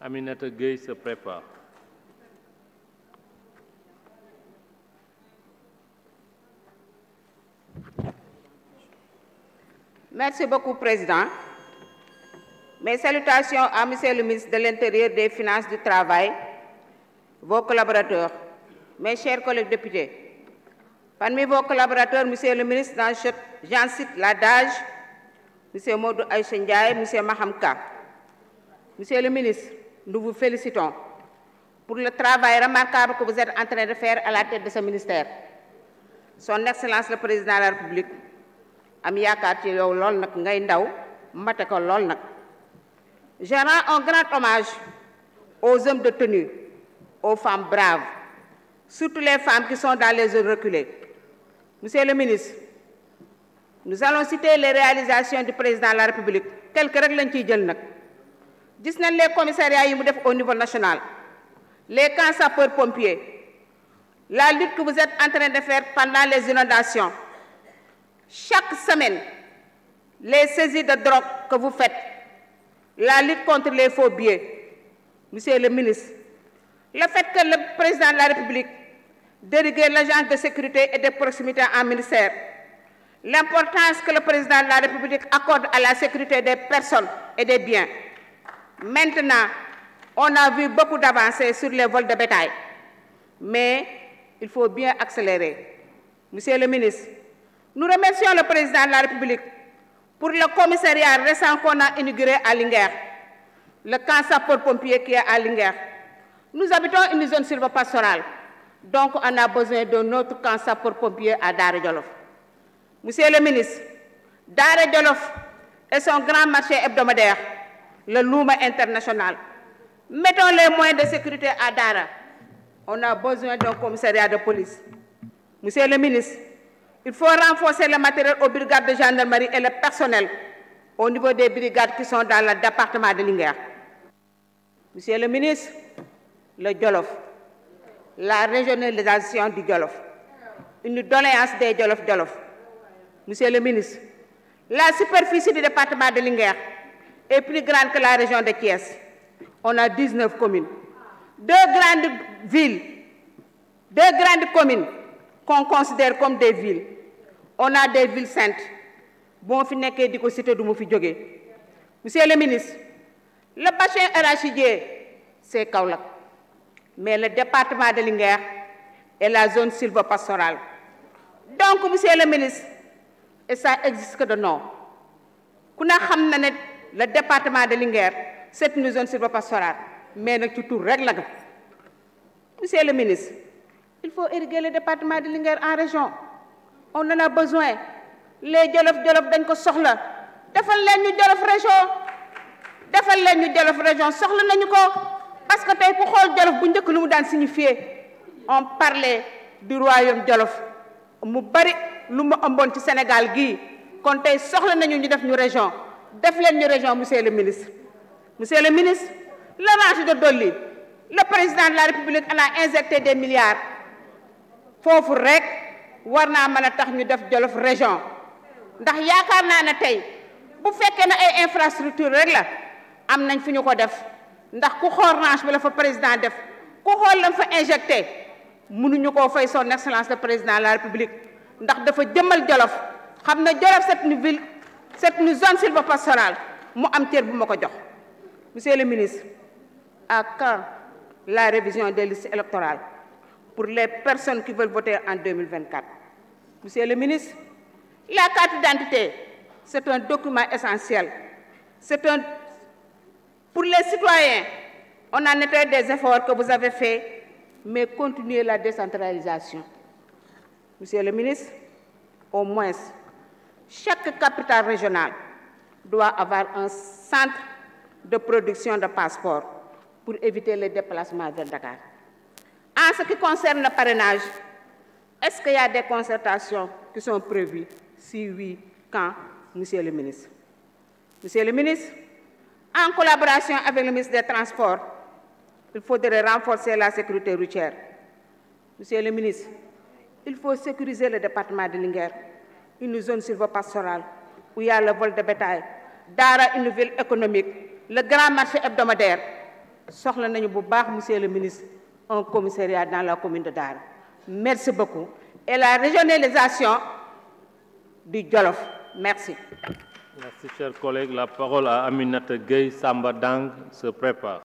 Aminata Gueye se prépare. Merci beaucoup, Président. Mes salutations à Monsieur le ministre de l'Intérieur, des Finances, du Travail, vos collaborateurs, mes chers collègues députés. Parmi vos collaborateurs, Monsieur le ministre, j'en cite l'adage, M. Maudou Monsieur Mahamka. Monsieur le ministre, nous vous félicitons pour le travail remarquable que vous êtes en train de faire à la tête de ce ministère. Son Excellence le Président de la République am yaakaar ci yow Je rends un grand hommage aux hommes de tenue, aux femmes braves, surtout les femmes qui sont dans les zones reculées. Monsieur le ministre, nous allons citer les réalisations du président de la République quelques règles lañ gis les commissariats au niveau national les camps sapeurs pompiers la lutte que vous êtes en train de faire pendant les inondations chaque semaine les saisies de drogue que vous faites la lutte contre les faux billets monsieur le ministre le fait que le président de la république délégué l'agence de sécurité et de proximité en ministère l'importance que le président de la république accorde à la sécurité des personnes et des biens Maintenant, on a vu beaucoup d'avancées sur les vols de bétail, mais il faut bien accélérer. Monsieur le ministre, nous remercions le président de la République pour le commissariat récent qu'on a inauguré à Linger, le camp sapeur-pompier qui est à Linger. Nous habitons une zone silvopastorale, donc on a besoin de notre cancer sapeur-pompier à et Monsieur le ministre, et Djolof est son grand marché hebdomadaire le luma international. Mettons les moyens de sécurité à Dara. On a besoin d'un commissariat de police. Monsieur le ministre, il faut renforcer le matériel aux brigades de gendarmerie et le personnel au niveau des brigades qui sont dans le département de Linguerre. Monsieur le ministre, le Djolof, la régionalisation du Djolof, une doléance des Djolof Djolof. Monsieur le ministre, la superficie du département de Linguerre, est plus grande que la région de Thiès. On a 19 communes. Deux grandes villes, deux grandes communes qu'on considère comme des villes. On a des villes saintes. Bon, Monsieur le ministre, le bassin arachidier, c'est Kaulak. Mais le département de l'Inger est la zone pastorale. Donc, monsieur le ministre, et ça existe que de nom le département de Linguère c'est une zone sylvopastorale mais nag ci tout rek la monsieur le ministre il faut irriguer le département de l'Inger en région on en a besoin les Djolof Djolof dañ ko soxla defal leen ñu jolof région defal leen ñu jolof région soxla nañu ko parce que tay ku xol Djolof bu ñëk lu mu daan signifier on parlait du royaume Djolof mu bari lu mu ëmboon ci Sénégal gi kon tay soxla nañu ñu def ñu région def leen ñu région monsieur le ministre monsieur le ministre l'orage de Dolly la président de la république en a injecté des milliards foofu rek war naa mën a tax ñu def Jolof région ndax yaakaar naa ne tey bu fekkee ne ay infrastructure rek la am nañ fu ñu ko def ndax ku xool range bi la fa président def ku xool la fa injecté mënuñu koo fay son excellence le président de la république ndax dafa jëmal Jolof xam na Jolof cette ville cette zone sylvopastorale mu am monsieur le ministre à quand la révision des listes électorales pour les personnes qui veulent voter en 2024 monsieur le ministre la carte d'identité c'est un document essentiel pour les citoyens on a noté des efforts que vous avez faits mais continuez la décentralisation monsieur le ministre au moins chaque capitale régionale doit avoir un centre de production de passeports pour éviter les déplacements vers Dakar. En ce qui concerne le parrainage, est-ce qu'il y a des concertations qui sont prévues Si oui, quand, Monsieur le ministre Monsieur le ministre, en collaboration avec le ministre des Transports, il faudrait renforcer la sécurité routière. Monsieur le ministre, il faut sécuriser le département de Linguerre une zone silvopastorale où il y a le vol de bétail Dara, une ville économique le grand marché hebdomadaire soxla nañu monsieur le ministre un commissariat dans la commune de Dara. merci beaucoup et la régionalisation du Jolof merci. Merci, chers collègues. La parole à Aminata Gueye Samba Dang se prépare.